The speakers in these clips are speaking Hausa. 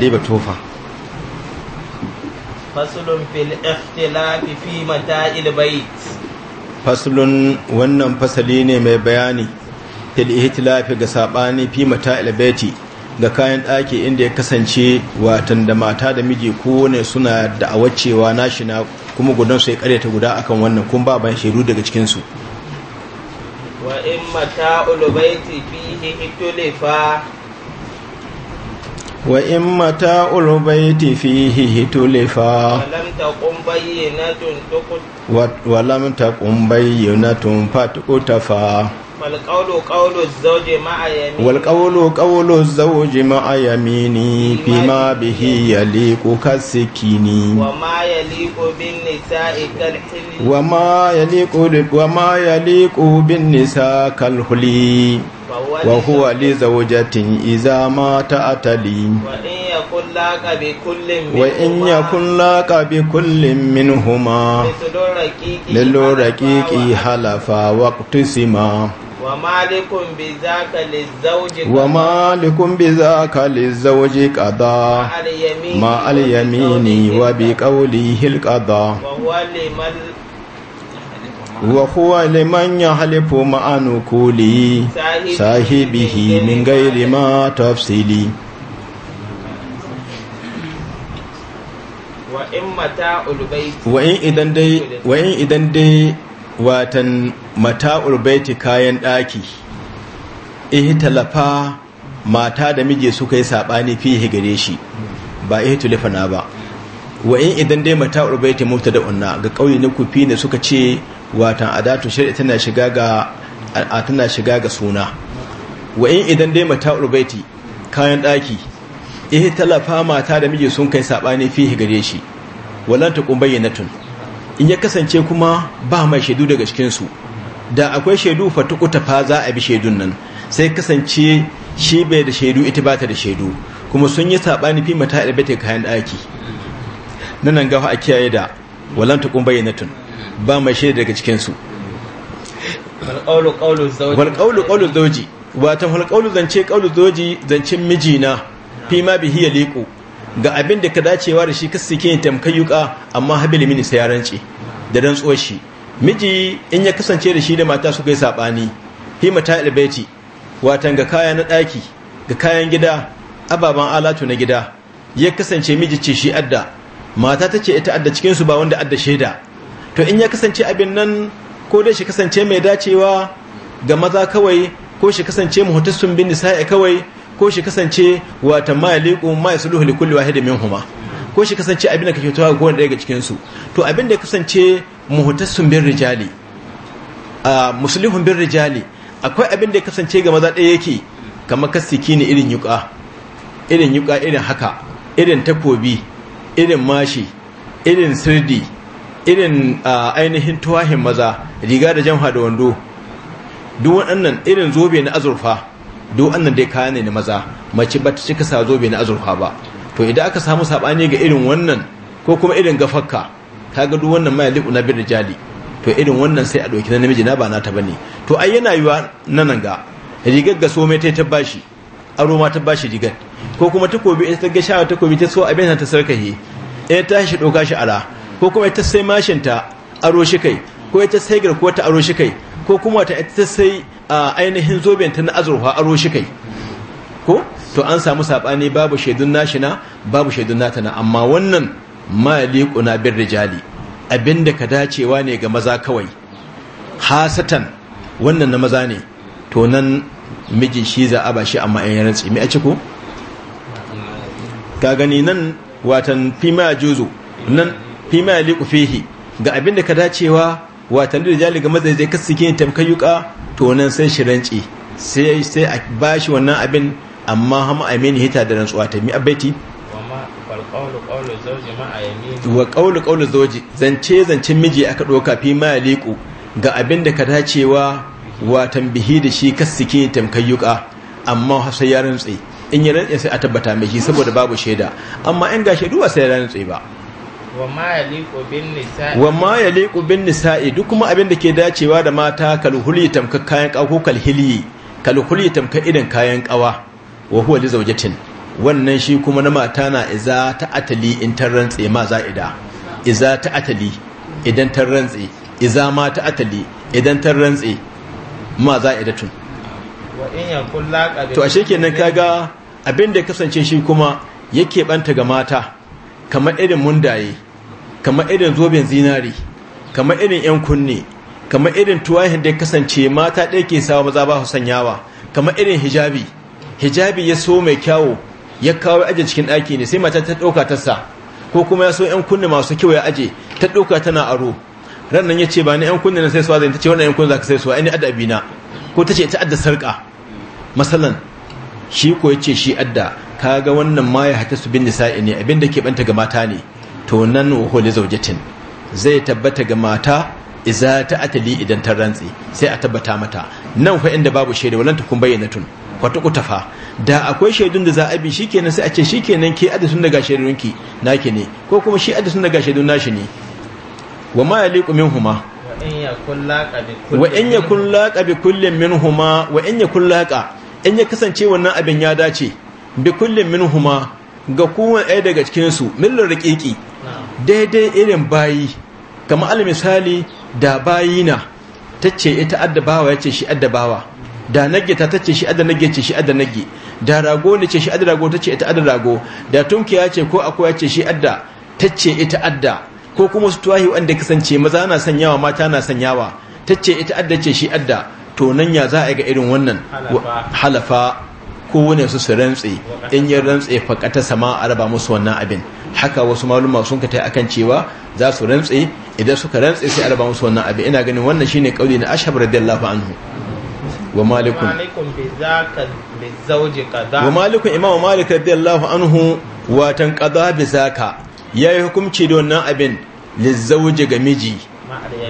dai ba tofa fasulun fil ikhtilafi fi mata'il bait fasulun wannan fasali ne mai bayani fil ikhtilafi ga sabani fi mata'il baiti ga kayan ɗaki inda ya kasance watan da mata da miji kowane suna da awacewa nashi na kuma gudansu ya ta guda akan wannan kun ba ban shaidu daga cikinsu wa in mata'ul baiti fihi ikhtilafa وإن متاع البيت فيه تلفا ولم تقم بينة فتؤتفا والقول قول الزوج مع يميني والقول قول الزوج مع يميني فيما به يليق كالسكين وما يليق بالنساء كالحلي وما يليق وما يليق بالنساء كالحلي wa huwa li zawjatin iza ma ta'tali wa in yakun laqa bi kullin minhumā lillu raqiqi halafa waqtisima wa malikum bi zaka lizawji qada ma al yamini wa bi qawlihi al qada wa huwa liman halifu ma'anu kuli sahibihi min gairi ma tafsili in idan dai watan mata'ul baiti kayan ɗaki talafa mata da miji suka yi saɓani fiye gare shi ba na ba Wa in idan dai mata'ul baiti mubtada'un unna ga kauye na kufi ne suka ce watan adatu shari'a tana shiga ga tana shiga ga suna wa in idan dai mata urbaiti kayan daki eh talafa mata da miji sun kai sabani fihi gare shi wallan ta in ya kasance kuma ba mai shaidu daga cikin su da akwai shaidu tukuta fa za a bi shaidun nan sai kasance shi bai da shaidu ita ba ta da shaidu kuma sun yi sabani fi mata urbaiti kayan daki nan gafa a kiyaye da wallan ta ba mai shaida daga cikinsu walƙaulu ƙaulu zoji wata walƙaulu zance ƙaulu zoji zancen mijina fi ma bihi ya liƙo ga abin da ka dacewa da shi kasu ke yin tamkayyuka amma habili mini sayaranci da rantsuwar shi miji in ya kasance da shi da mata su kai saɓani hima ta ilbeti watan ga kaya na ɗaki ga kayan gida ababen alatu na gida ya kasance miji ce shi adda mata ta ce ita adda cikinsu ba wanda adda shaida to in ya kasance abin nan ko dai shi kasance mai dacewa ga maza kawai ko shi kasance muhtassun bin nisa'i kawai ko shi kasance wata ma yaliqu ma yasluhu li kulli min huma. ko shi kasance abin da kake tawa gowan daya ga cikin su to abin da kasance muhtassun bin rijali a muslihun bin rijali akwai abin da kasance ga maza daya yake kamar kasiki ne irin yuka irin yuka irin haka irin takobi irin mashi irin sirdi irin ainihin tuwahin maza riga da jamha da wando duk waɗannan irin zobe na azurfa duk waɗannan dai kaya ne na maza mace ba ta cika sa zobe na azurfa ba to idan aka samu saɓani ga irin wannan ko kuma irin gafakka ga duk wannan ma liɓu na bin rijali to irin wannan sai a ɗauki na namiji na ba na ta bane to ai yana yiwa nan ga rigar ga mai ta bashi aro ma ta bashi rigar ko kuma takobi ita ta ga shawa takobi ta so abin ta sarkahi ɗaya ta shi ɗauka shi ala. ko kuma ita sai mashinta aro shi kai ko ita sai garkuwar ta aro shi kai ko kuma ta ita sai ainihin zoben ta na azurfa aro shi kai ko to an samu sabani babu shaidun nashina babu shaidun nata na. amma wannan Maliku na bir rijali abinda ka dacewa ne ga maza kawai hasatan wannan na maza ne to nan mijin shi za a ba shi amma yan yaran tsimi a ciko ka gani nan watan ma juzu nan fi ma yaliqu fihi ga abin da ka dacewa watan da jali ga mazai zai kasike tamkayuka to nan sai shi rance sai sai a bashi wannan abin amma hama amini hita da rantsuwa ta mi abaiti wa qawlu qawlu zoji zance zancen miji aka doka fi ma yaliqu ga abin da ka dacewa watan tambihi da shi kasike tamkayuka amma sai ya rantsi in ya rantsi sai a tabbata mai shi saboda babu shaida amma in ga shaidu ba sai ya rantsi ba wa ma ya liƙo bin nisa'i duk kuma abin da ke dacewa da mata kalhuli tamka kayan ƙawa kalhili kalhuli tamka irin kayan ƙawa wa huwa li zaujatin wannan shi kuma na mata na iza ta atali in ta rantse ma za'ida iza ta atali idan ta rantse iza ma ta atali idan ta rantse ma tun. to ashe kenan kaga abin da kasance shi kuma yake banta ga mata kamar irin mundaye kamar irin zoben zinari kamar irin yan kunne kamar irin tuwahin da kasance mata ɗaya ke sawa maza ba su sanyawa kamar irin hijabi hijabi ya so mai kyawo ya kawo aje cikin ɗaki ne sai mata ta ɗauka ta sa ko kuma ya so yan kunne masu kyau ya aje ta ɗauka tana aro ran nan ya ce ba ni yan kunne na sai suwa zai ta ce wannan yan kunne za ka sai suwa ainihin na? ko ta ce ta adda sarƙa masalan shi ko ya ce shi adda kaga wannan ma ya hata su bin nisa'i ne abinda ke banta ga mata ne to nan wa li zawjatin zai tabbata ga mata iza ta atali idan ta rantsi sai a tabbata mata nan fa inda babu shaida walan ta kun bayyana tun kwata kutafa da akwai shaidun da za a bi shikenan sai a ce shikenan ke adasun daga shaidunki naki ne ko kuma shi adasun daga shaidun nashi ne wa ma yaliqu minhuma wa in yakun laqa bi kullin minhuma wa in yakun laqa in ya kasance wannan abin ya dace bi kullum min huma ga kowane ɗaya daga cikinsu millar rikiki daidai irin bayi kama al misali da bayina ta ce ita addabawa ya ce shi addabawa da nage ta ta ce shi adda nage ce shi adda nage da rago ne ce shi adda rago ta ce ita adda rago da ya ce ko akwai ya ce shi adda ta ce ita adda ko kuma su tuwahi wanda kasance maza na sanyawa mata na sanyawa ta ce ita adda ce shi adda to nan ya za a ga irin wannan halafa kowane su su rantse in ya rantse fakata sama a raba musu wannan abin haka wasu maluma sun kai akan cewa za su rantse idan suka rantse sai a raba musu wannan abin ina ganin wannan shine kauli na ashab radiyallahu anhu wa malikun wa malikun imam malik radiyallahu anhu watan qada bi zaka yayi hukunci da wannan abin lizawji ga miji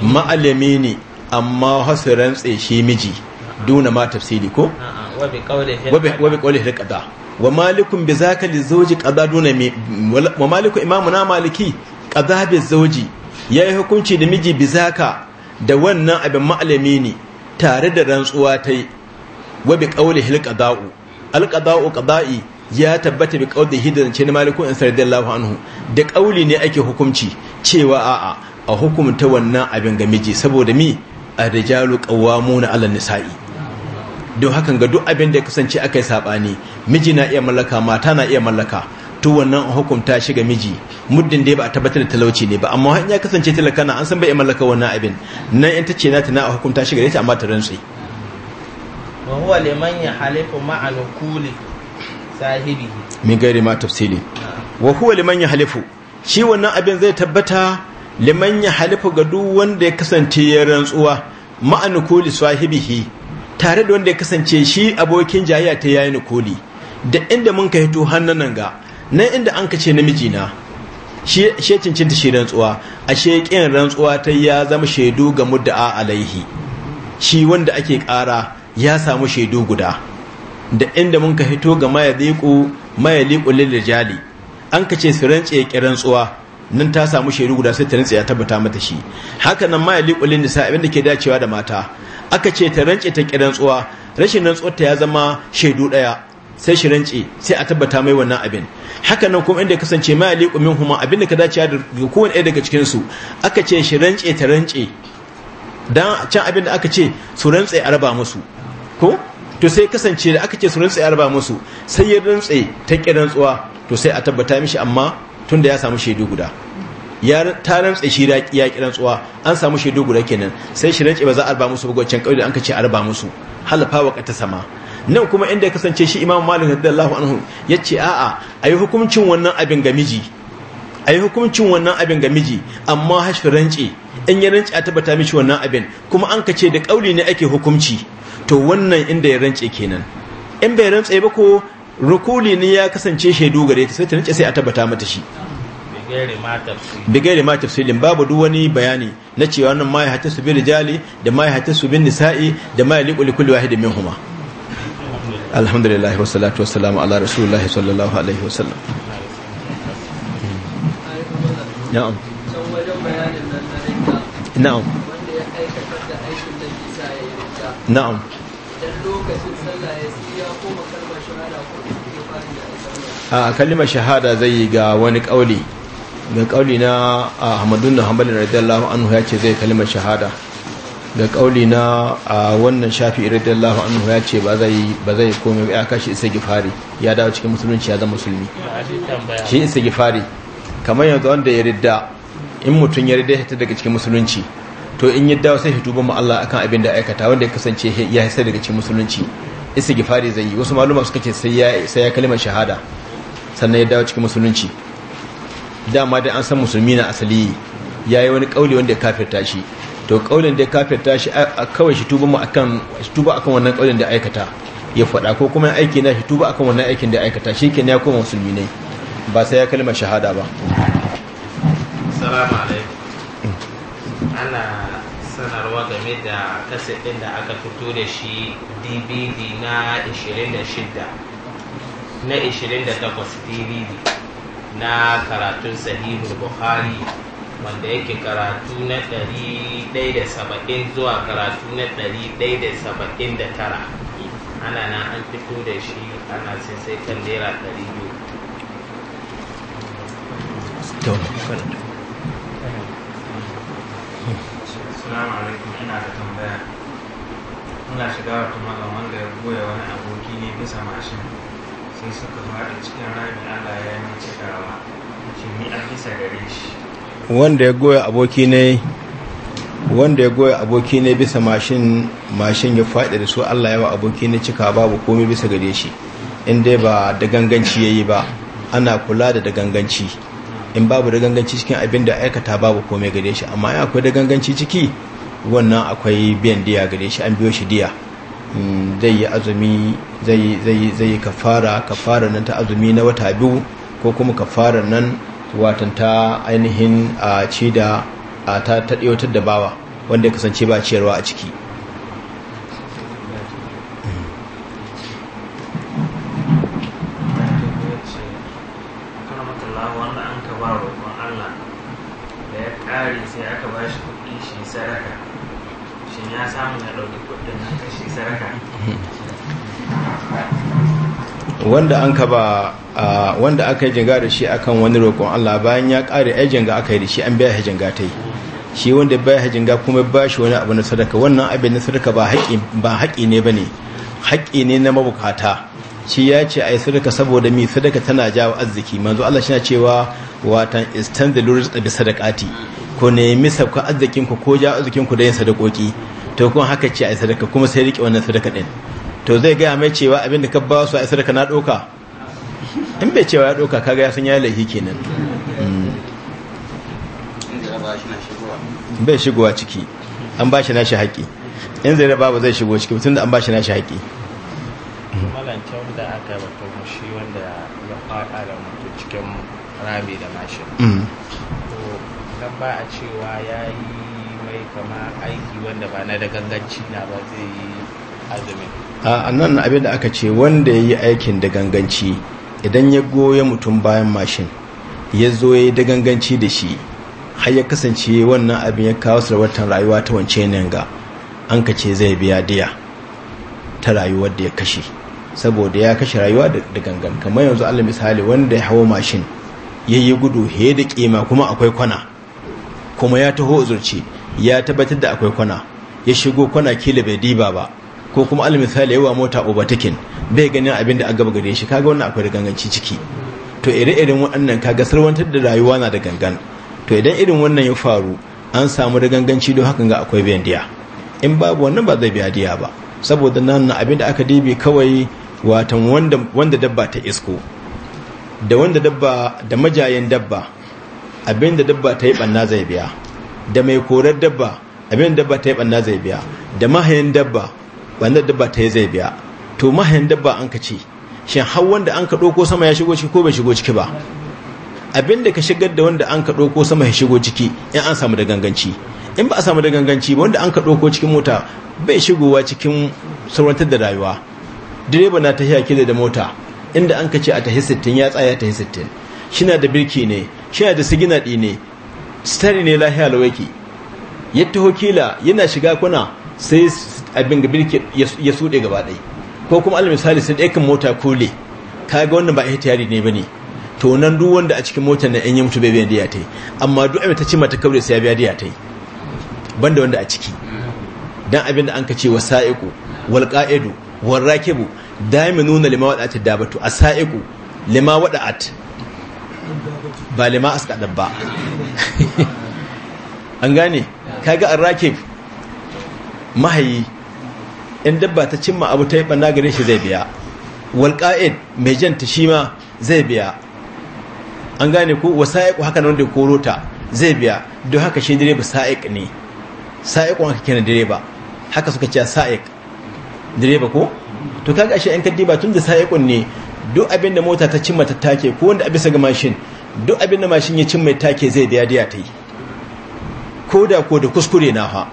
ma'alimi ne amma hasu rantse shi miji duna ma tafsiri ko wa bi qawlihi qada wa malikun bi zaka li zawji qada duna mi wa maliku imamuna maliki qada bi zawji yayi hukunci da miji bi da wannan abin ma'alami ne tare da rantsuwa ta yi wa bi qawlihi lil al ya tabbata bi qawlihi da ce na maliku in sallallahu anhu da ƙauli ne ake hukunci cewa a'a a hukumta wannan abin ga miji saboda mi a rijalu qawwamuna 'ala nisa'i don hakan ga duk abin da ya kasance aka yi saɓani miji na iya mallaka mata na iya mallaka to wannan hukunta shi ga miji muddin dai ba a tabbatar da talauci ne ba amma in ya kasance talaka na an san bai iya mallaka wannan abin nan in ta ce na ta na a hukunta shi gare ta amma ta rantsi wa huwa liman ya halifu ma'a nukuli sahibi min gairi ma tafsili wa huwa liman ya halifu shi wannan abin zai tabbata liman ya halifu ga duk wanda ya kasance ya rantsuwa ma'anukuli sahibihi tare da wanda ya kasance shi abokin jayayya ta yayi ni koli da inda mun ka hito hannanan ga nan inda an kace namiji na shi she cincinta shi rantsuwa ashe kin rantsuwa ta ya zama shaidu ga mudda'a alaihi shi wanda ake ƙara ya samu shaidu guda da inda mun ka hito ga mayaliku mayaliku rijali an kace su rantse ki rantsuwa nan ta samu shaidu guda sai ta rantsa ya tabbata mata shi haka nan mayaliku lin nisa abin da ke dacewa da mata aka ce ta rance ta kiran tsuwa rashin rantsuwar ta ya zama shaidu daya sai shi rance sai a tabbata mai wannan abin haka nan kuma inda ya kasance ma aliqu huma abin da ka dace da kowanne ɗaya daga cikin su aka ce shi rance ta rance dan can abin da aka ce su rantse a raba musu ko to sai kasance da aka ce su rantse a raba musu sai ya rantse ta kiran tsuwa to sai a tabbata mishi amma tunda ya samu shaidu guda ya ta rantsa shi ya ki rantsuwa an samu shaidu guda kenan sai shi rantsi ba za a arba musu can kawai da an kace arba musu halafa wa kata sama nan kuma inda ya kasance shi imam malik radiyallahu anhu ya ce a'a ayi hukuncin wannan abin ga miji ayi hukuncin wannan abin ga miji amma hashi rantsi in ya rantsi a tabbata mishi wannan abin kuma an kace da kauli ne ake hukunci to wannan inda ya rantsi kenan in bai rantsa ba ko rukuli ne ya kasance shaidu gare ta sai ta rantsi sai a tabbata mata shi bigairi ma tafsilin babu duk wani bayani na cewa wannan ma ya hatta su bi rijali da ma ya hatta su bin nisa'i da ma ya liqu li kulli wahidin minhuma alhamdulillah wa salatu wa salamu ala rasulillah sallallahu alaihi wa sallam na'am na'am na'am a kalimar shahada zai yi ga wani kauli ga kauli na ahmadun na hanbali radiyallahu anhu ya ce zai kalimar shahada ga kauli na wannan shafi radiyallahu anhu ya ce ba zai ba zai ya kashi isa gifari ya dawo cikin musulunci ya zama musulmi shi isa gifari kamar yanzu wanda ya ridda in mutum ya ridda ya daga cikin musulunci to in ya dawo sai hituba mu Allah akan abin da aikata wanda ya kasance ya hisa daga cikin musulunci isa gifari zai yi wasu maluma suka ce sai ya kalimar shahada sannan ya dawo cikin musulunci dama da an san musulmi na asali ya yi wani kauli wanda ya kafirta shi to kaulin da ya kafirta shi kawai shi tuba akan tuba akan wannan kaulin da aikata ya faɗa ko kuma aiki na shi tuba akan wannan aikin da aikata shi ke ya koma musulmi ne ba sai ya kalmar shahada ba salamu alaikum ana sanarwa game da kasa ɗin da aka fito da shi dvd na 26 na 28 dvd na karatun sahihul bukhari wanda yake karatu na 170 zuwa karatu na 179 ana na an fito da shi ana sai kan naira 200 Assalamu alaikum ina da tambaya. Ina shiga wata malam wanda ya goya wani aboki ne bisa mashin. sai suka cikin rami Allah ya yi mace cikin ni a bisa gare shi wanda ya goya aboki ne wanda ya goya aboki ne bisa mashin mashin ya faɗi da su Allah ya yawa aboki ne cika babu komai bisa gare shi in dai ba da ganganci yayi ba ana kula da da ganganci in babu da ganganci cikin abin da aikata babu komai gare shi amma in akwai da ganganci ciki wannan akwai biyan diya gare shi an biyo shi diya zai yi azumi zai yi kafara kafara nan ta azumi na wata biyu ko kuma kafara nan watan ta ainihin a ci ta taɗewatar da bawa wanda ya kasance ba ciyarwa a ciki wanda an ka ba wanda aka yi jinga da shi akan wani roƙon Allah bayan ya ƙare ai jinga aka yi da shi an biya jinga ta yi shi wanda baya jinga kuma ba shi wani abu na sadaka wannan abin na sadaka ba haƙi ba ne bane haƙi ne na mabukata shi ya ce yi sadaka saboda mi sadaka tana jawo arziki manzo Allah shi na cewa watan istanzilu rizqa da sadaqati ko nemi sabka arzikin ku ko ja arzikin da yin sadakoki to kuma haka ce a ai sadaka kuma sai riƙe wannan sadaka din to zai gaya mai cewa abin da ka ba su a isar ka na ɗoka in bai cewa ya ɗoka kaga ya san ya laifi kenan bai shigowa ciki an ba shi nashi haƙi in zai raba ba zai shigo ciki mutum da an ba shi nashi haƙi mm. ba a cewa ya yi mai kama aiki wanda ba na da ganganci na ba zai yi a nan abin da aka ce wanda ya yi aikin da ganganci idan ya goya mutum bayan mashin ya zo ya yi da ganganci da shi har ya kasance wannan abin ya kawo sarwatan rayuwa ta wance ne ga an ka ce zai biya diya ta rayuwar da ya kashe saboda ya kashe rayuwa da gangan kamar yanzu allah misali wanda ya hawo mashin ya yi gudu he da kima kuma akwai kwana kuma ya taho zurci ya tabbatar da akwai kwana ya shigo kwana kila bai diba ba ko kuma al misali yawa mota overtaking bai ganin abin da aka gaba gare shi kaga wannan akwai ganganci ciki to ire irin waɗannan kaga salwantar da rayuwa na da gangan to idan irin wannan ya faru an samu da ganganci don hakan ga akwai biyan diya in babu wannan ba zai biya diya ba saboda nan abin da aka dibe kawai watan wanda dabba ta isko da wanda dabba da majayen dabba abin da dabba ta yi banna zai biya da mai korar dabba abin da dabba ta yi banna zai biya da mahayin dabba wannan dabba ta yi zai biya to mahayin dabba an ka ce shin har wanda an ka ɗauko sama ya shigo ciki ko bai shigo ciki ba abin da ka shigar da wanda an ka ɗauko sama ya shigo ciki in an samu da ganganci in ba a samu da ganganci ba wanda an ka ɗauko cikin mota bai shigowa cikin saurantar da rayuwa direba na tahiya kila da mota inda an ka ce a tahi sittin ya tsaya tahi sittin shina da birki ne shina da sigina ne stari ne lahiya lawaki ya taho kila yana shiga kuna sai abin gabin birki ya suɗe gaba ɗai ko kuma allah misali sai ɗaya kan mota kole ka ga wannan ba a tayari ne ba ne to nan duk wanda a cikin motar na yan yi mutu bai biya diya ta yi amma duk abin ta ci mata kaure sai ya biya diya ta yi banda wanda a ciki dan abin da an ka ce wa Sa'iku wal qa'idu wal rakibu daimin nuna lima ta dabatu Sa'iku lima wada'at ba lima aska dabba an gane kaga ar-rakib mahayi in dabba ta cimma abu ta yi ɓanna gare shi zai biya walƙa'id mai janta shi ma zai biya an gane wa wasa'iku haka wanda ya koro ta zai biya don haka shi direba sa'iq ne sa'iqun haka kenan direba haka suka ce sa'iq direba ko to kaga ashe in kaddiba tun da sa'iqun ne duk abin da mota ta cimma ta take ko wanda abisa ga mashin duk abin da mashin ya cimma take zai biya diya ta yi ko da ko da kuskure na fa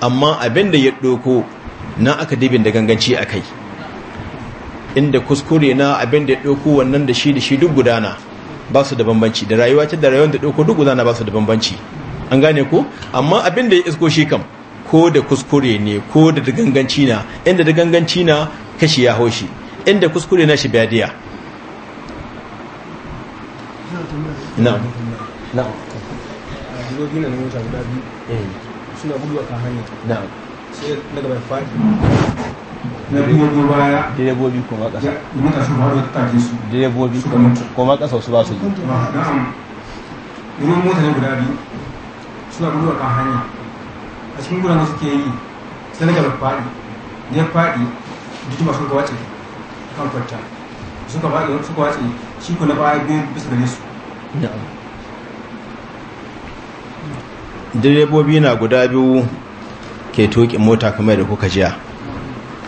amma abin da ya doko nan aka dibin da ganganci a kai inda kuskure na abin da ya ɗauko wannan da shi da shi duk gudana ba su da bambanci da rayuwa ce da rayuwar da ɗauko duk gudana ba su da bambanci an gane ku amma abin da ya isko shi kam ko da kuskure ne ko da ganganci na inda da ganganci na kashi ya haushi inda kuskure na shi badiya na'am suna gudu a kan na'am sai daga bai direbobi direbobi kuma kasa su su kuma su ba su yi domin mota ne guda biyu suna gudu kan hanya a cikin gudan suke yi sai daga bai fadi da ya masu gawace kan kwanta suka fadi suka wace shi na baya biyu bisa gare su direbobi na guda biyu ke tuƙin mota kamar da kuka jiya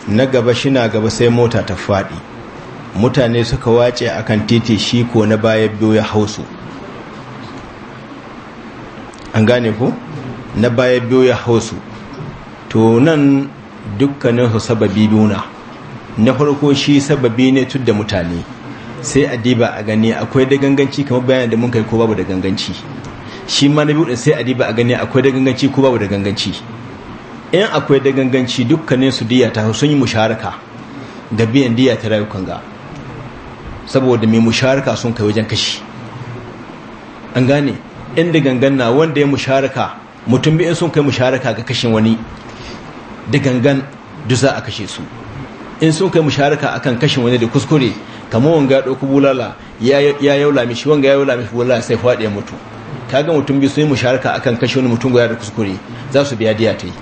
na gaba shi na gaba sai mota ta faɗi mutane suka wace akan titi shi ko na baya biyu ya hausu an gane ku na baya biyu ya hausu to nan dukkaninsu sababi biyu na farko shi sababi ne tun da mutane sai a diba a gani akwai da ganganci kamar bayan da mun kai ko babu da ganganci shi ma na biyu da sai a diba a gani akwai da ganganci ko babu da ganganci in akwai da ganganci dukkanin su diya ta sun yi musharaka da biyan diya ta rayukan ga saboda mai musharaka sun kai wajen kashi an gane inda na wanda ya musharaka mutum biyan sun kai musharaka ga kashin wani da gangan duk za a kashe su in sun kai musharaka akan kashin wani da kuskure kamar wanga ya ɗauki bulala ya yaula mishi wanga ya yaula mishi bulala sai faɗi ya mutu kaga mutum biyu sun yi musharaka akan kashe wani mutum guda da kuskure za su biya diya ta yi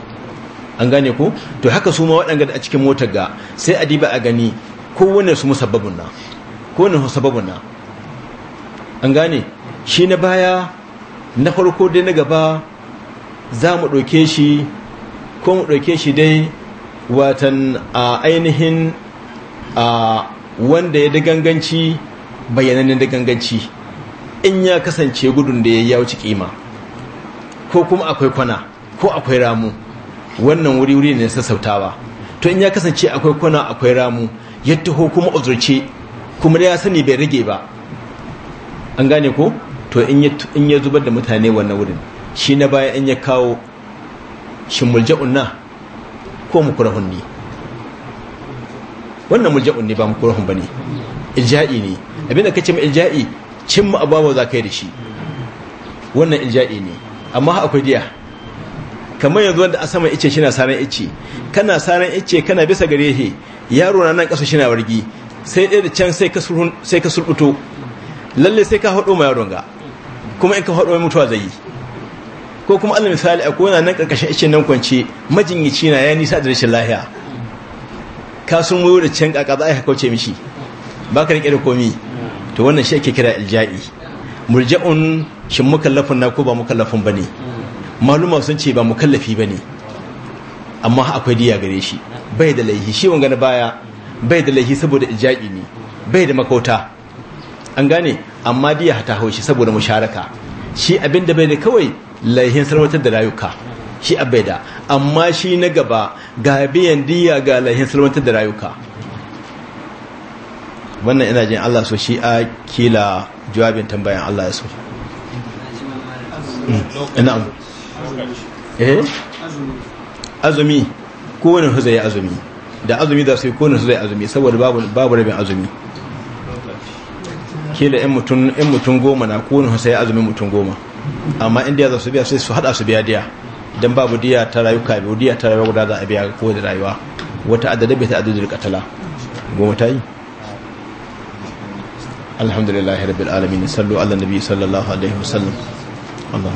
an gane ku to haka su ma waɗanda a cikin motar ga sai a diba a gani kowane su musabbabun na kowane su sababun na an gane shi na baya na farko dai na gaba za mu ɗauke shi ko mu ɗauke shi dai watan a ainihin a wanda ya da ganganci bayanan da in ya kasance gudun da ya yi wuce kima ko kuma akwai kwana ko akwai ramu wannan wuri wuri ne sassautawa to in ya kasance akwai kwana akwai ramu ya taho kuma uzurce kuma ya sani bai rage ba an gane ko to in ya zubar da mutane wannan wurin shi na baya in ya kawo shimuljaun mulja'un na ko mukurahun ne wannan mulja'un ne ba mukurahun ba ne ilja'i ne abinda kace mai ilja'i mu abawa za ka yi da shi wannan ilja'i ne amma akwai diya kamar yanzu wanda a saman ice shi na saran ice kana saran ice kana bisa gare shi yaro na nan ƙasa shi na wargi sai ɗaya da can sai ka surɓuto lalle sai ka haɗo ma yaron ga kuma in ka haɗo mai mutuwa zai ko kuma allah misali a kona nan ƙarƙashin ice nan kwance majinyaci na ya nisa da rashin lahiya ka sun wuyo da can ƙaƙa za a kauce mishi ba ka riƙe da komi to wannan shi ake kira ilja'i murja'un shin mukallafin na ko ba mukallafin ba ne maluma sun ce ba mukallafi ba ne amma akwai diya gare shi bai da laihi shi wanga na baya bai da laihi saboda ija'i ne bai da makauta an gane amma diya ta hau shi saboda musharaka shi abin da bai da kawai laihin sarwatar da rayuka shi abai da amma shi na gaba ga biyan diya ga laihin sarwatar da rayuka wannan ina jin Allah so shi a kila jawabin tambayan Allah ya so hmm. na'am eh azumi kowane su zai azumi da azumi za su yi kowane su zai azumi saboda babu rabin azumi kila in mutum goma na kowane su yi azumin mutum goma amma indiya za su biya sai su hada su biya diya don babu diya ta rayuka biyu diya ta rayuwa guda za a biya kowace rayuwa wata adada bai ta adadin katala goma ta yi alhamdulillah rabbil alamin sallu ala nabi sallallahu alaihi wasallam